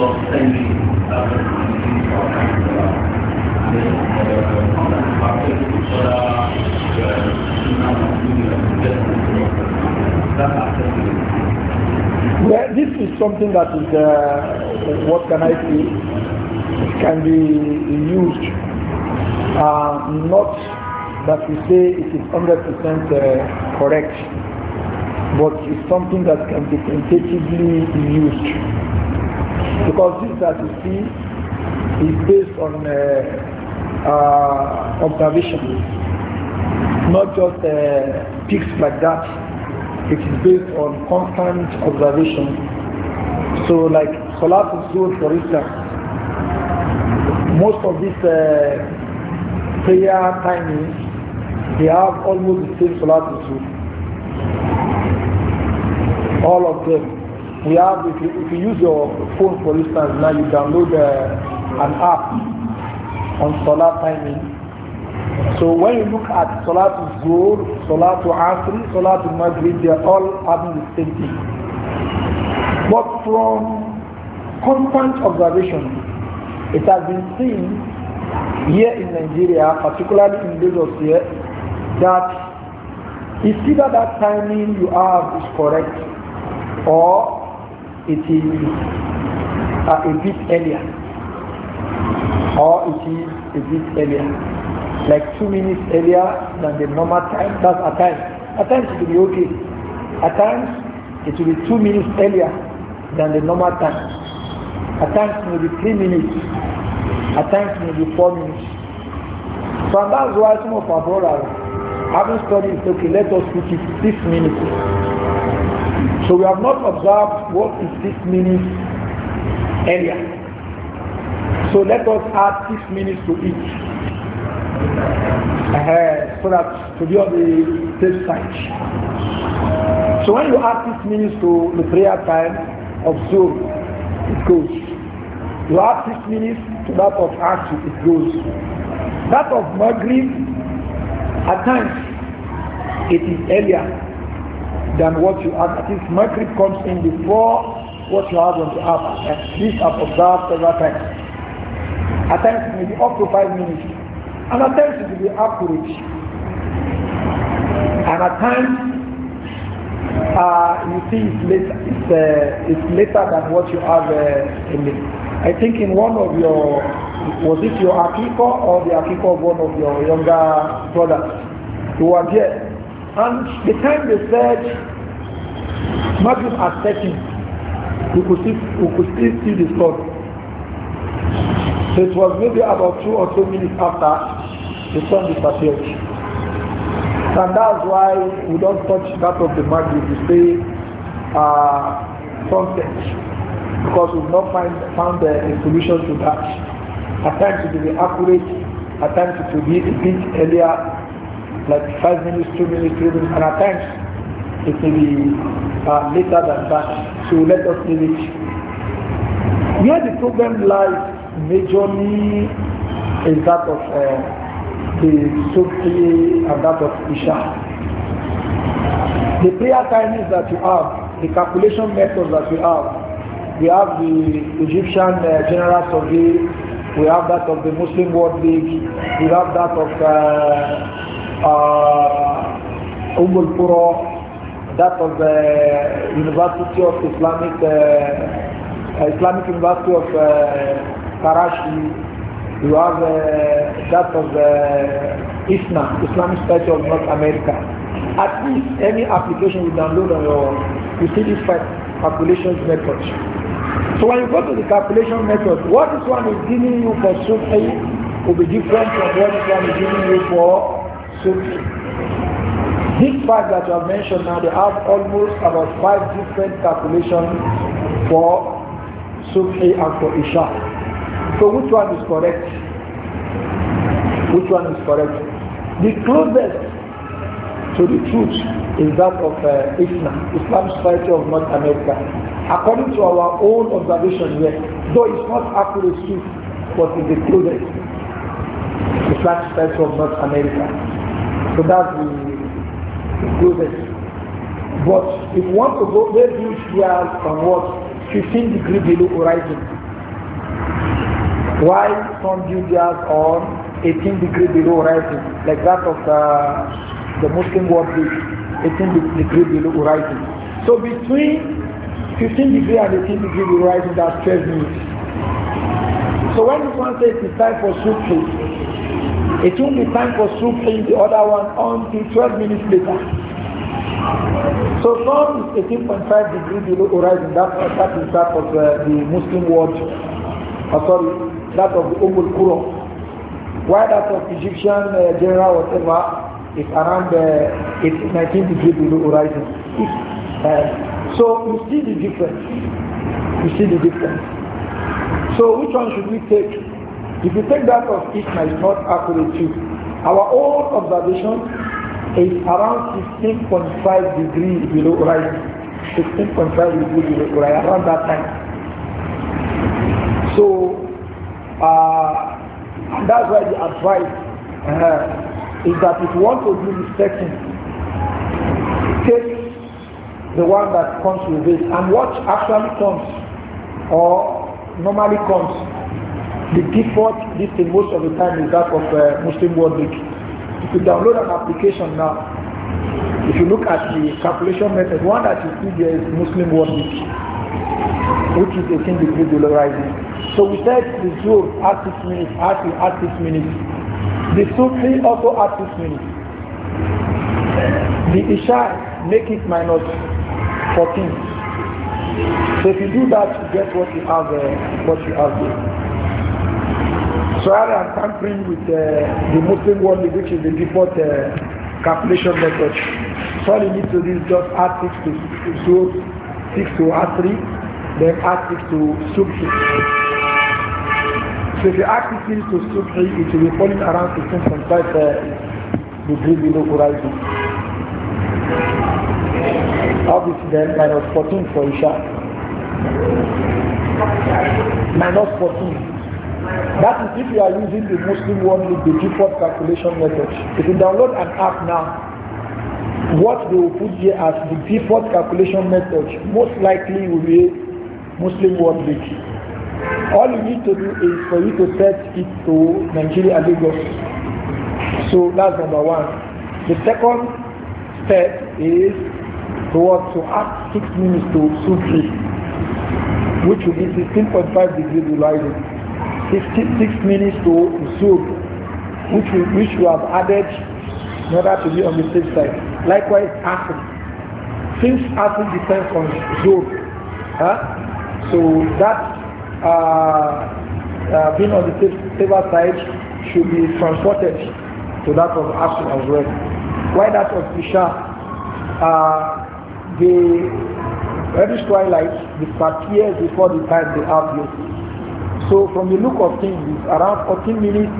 Well, this is something that is, uh, what can I say, can be used, uh, not that we say it is 100% uh, correct, but it's something that can be tentatively used. Because this that you see is based on uh, uh, observation, not just uh, peaks like that. It is based on constant observation. So like Salatul for instance, most of these uh, prayer timings, they have almost the same Salatul All of them. We have, if you, if you use your phone for instance, now you download uh, an app on solar timing. So when you look at solar to Zuhr, solar to Asri, solar to Maghrib, they are all having the same thing. But from constant observation, it has been seen here in Nigeria, particularly in Lagos here, that it's either that timing you have is correct or it is uh, a bit earlier or it is a bit earlier like two minutes earlier than the normal time that's a time at times it will be okay at times it will be two minutes earlier than the normal time at times it will be three minutes at times it will be four minutes so that's why some of our brothers having studied it's okay let us put it six minutes so we have not observed what is six minutes earlier. So let us add six minutes to each. Uh, so that to be on the safe side. So when you add six minutes to the prayer time of Zoom, it goes. You add six minutes to that of action, it goes. That of Maghrib, at times, it is earlier than what you have. At least Maghrib comes in before what you have on the app. And this I've observed several times. At times it may be up to five minutes. And at times it will be accurate. And at times uh, you see it's later, it's, uh, it's later than what you have uh, in the... I think in one of your, was it your Akiko or the Akiko of one of your younger brothers? You were there and the time they said Maghrib at setting, we could still, we could still see the sun. So it was maybe about two or three minutes after the sun disappeared. And that's why we don't touch that of the Maghrib. We say uh, sunset because we've not find, found the a solution to that. Attempt to be accurate, Attempt to be a bit earlier like five minutes, two minutes, three minutes, and at times it may be uh, later than that. So let us leave it. Where the problem lies majorly is that of uh, the Sufi and that of Isha. The prayer timings that you have, the calculation methods that you have, we have the Egyptian uh, general survey, we have that of the Muslim World League, we have that of uh, uh, Umm al-Qura, that of the University of Islamic, uh, Islamic University of uh, Karachi, you have uh, that of the ISNA, Islamic State of North America. At least any application you download on your, you see this calculation method. So when you go to the calculation method, what this one is giving you for Sufi will be different from what this one is giving you for Sufi. These five that you have mentioned now, they have almost about five different calculations for Sufi and for Isha. So which one is correct? Which one is correct? The closest to the truth is that of uh, ISNA, Islam Society of North America. According to our own observation here, though it's not accurate, but it's the closest. Islam Society of North America. So that's the, the this, But if you want to go, let's use here from what? 15 degree below horizon. Why some do are on 18 degree below horizon, like that of the, uh, the Muslim world 18 degree below horizon. So between 15 degree and 18 degree below horizon, that's 12 minutes. So when want to say it's time for shooting. It won't be time for soup in the other one until 12 minutes later. So sun is 18.5 degrees below horizon. that is that of uh, the Muslim world. Uh, sorry, that of the Ummul Qura. Why that of Egyptian uh, general whatever is around uh, 18, 19 degrees below horizon. Uh, so you see the difference. You see the difference. So which one should we take? If you take that of Ishmael, it's not accurate too. Our own observation is around 16.5 degrees below right, 16.5 degrees below right, around that time. So, uh, that's why the advice uh, is that if you want to do this second, take the one that comes with it and what actually comes or normally comes the default listing most of the time is that of uh, Muslim World League. If you download an application now, if you look at the calculation method, one that you see there is Muslim World League, which is 18 degree dollarizing. So we said the Zuhr at 6 minutes, at, at 6 minutes. The Sufi also at 6 minutes. The Isha make it minus 14. So if you do that, you get what you have, uh, what you have there. So I am tampering with uh, the Muslim world, which is the default uh, calculation method, so all you need to do is just add 6 to 2, 6 to add 3, then add 6 to 6. So if you add 6 to three, it will be falling around 16.5 uh, degrees below horizon. Obviously then minus 14 for Isha. Minus 14. That is if you are using the Muslim one with the default calculation method. If you download an app now, what they will put here as the default calculation method most likely will be Muslim World League. All you need to do is for you to set it to Nigeria Lagos. So that's number one. The second step is to to add six minutes to Sufi, which will be 16.5 degrees Celsius. 66 minutes to Zuhr, which we, which we have added in order to be on the safe side. Likewise, Asr. Since Asr depends on Zuhr, huh? so that uh, uh, being on the safe, safer side should be transported to that of Asr as well. Why that of Isha? Uh, the reddish twilight disappears before the time they have used. So from the look of things, it's around 14 minutes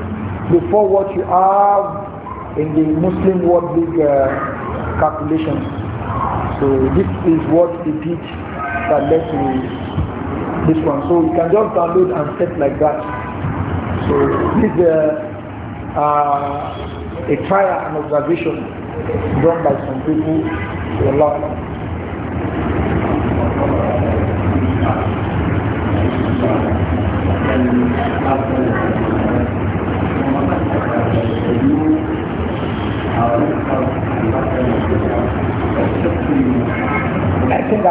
before what you have in the Muslim World League uh, calculation. So this is what the beach that led to this one. So you can just download and set like that. So this is uh, uh, a trial and observation done by some people. a lot.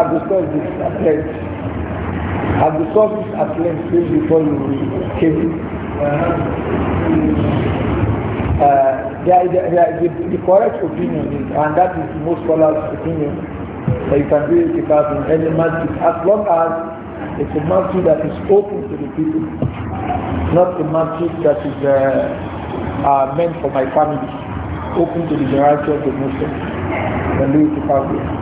have discussed this at length. I've discussed this at length since before you came. Uh, the, the correct opinion is, and that is most scholars' opinion, that you can do it in any magic, as long as it's a magic that is open to the people, not a magic that is uh, uh, meant for my family, open to the general of the Muslims. And do it to family.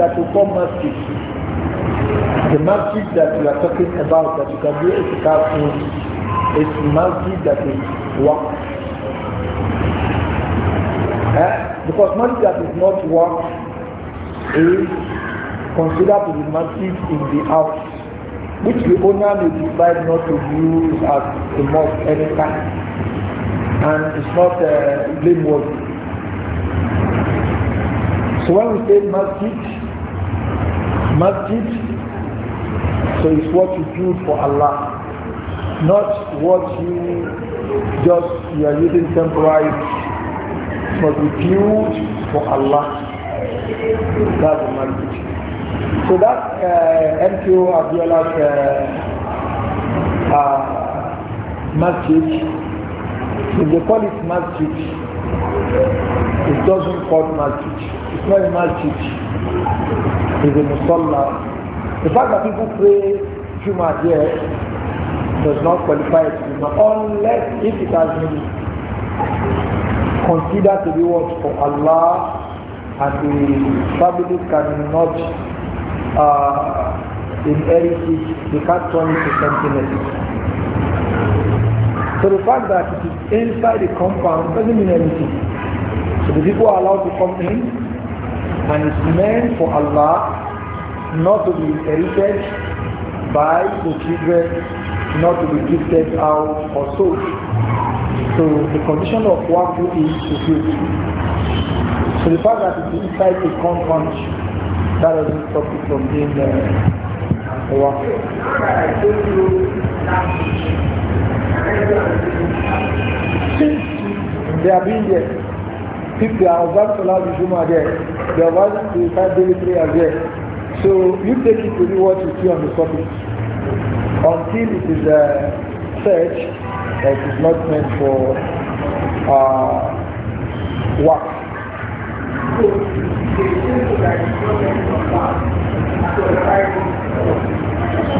that we call masjid. The masjid that we are talking about that you can do itikaf in is masjid that is work. Eh? Because masjid that is not work is considered to be masjid in the house, which the owner may decide not to use as a mosque any time. And it's not uh, blameworthy. So when we say masjid, masjid, so it's what you do for Allah, not what you just, you are using temporary, but you build for Allah. That's the masjid. So that uh, MTO Abdullah's uh, uh, masjid, if they call it masjid, it doesn't call masjid. It's not a masjid. It's a musalla. The fact that people pray Juma here does not qualify it unless if it has been considered to be what for Allah and the family cannot uh, inherit it, they can't turn it to something else. So the fact that it is inside the compound doesn't mean anything. So the people are allowed to come in, and it's meant for Allah not to be inherited by the children, not to be gifted out or sold. So the condition of wafu is fulfilled. So the fact that it's inside the compound, that doesn't stop it from being uh, told you Since they are being there, if they are observed Salah Juma there, they are allowed to five daily prayer there. So you take it to be what you see on the surface. Until it is a uh, search not meant for uh, work.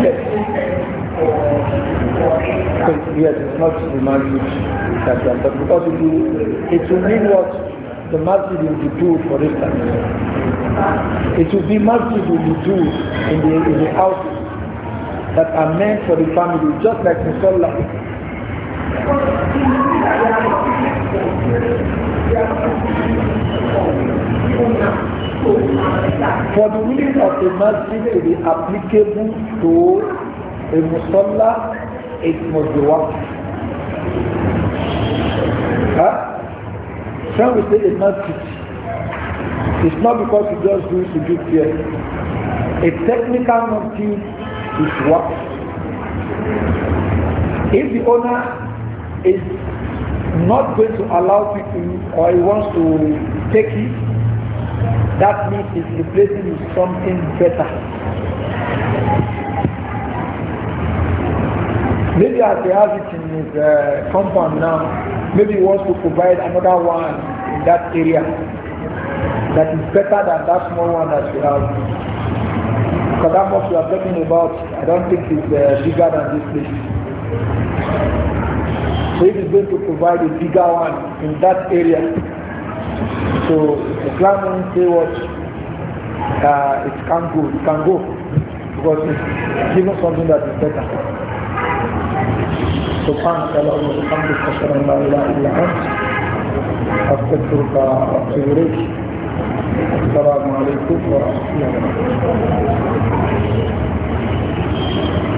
Yes. Yes, it's not the magic that, that, that because about. it will mean what the masjid will the built, for instance. It will be masjid will the built in the, in the houses that are meant for the family, just like the Salah. For the ruling of the masjid to be applicable to a Musalla, it must be what? Huh? Some say it's not It's not because you just do sujood here. A technical motive is what? If the owner is not going to allow people or he wants to take it, that means he's replacing with something better. Maybe as they have it in his uh, compound now, Maybe he wants to provide another one in that area that is better than that small one that we have. Because that much we are talking about, I don't think it's uh, bigger than this place. So if he's going to provide a bigger one in that area, so the won't say what uh, it can go, it can go, because it's given something that is better. سبحانك اللهم وبحمدك اشهد ان لا اله الا انت استغفرك واتوب اليك السلام عليكم ورحمه الله وبركاته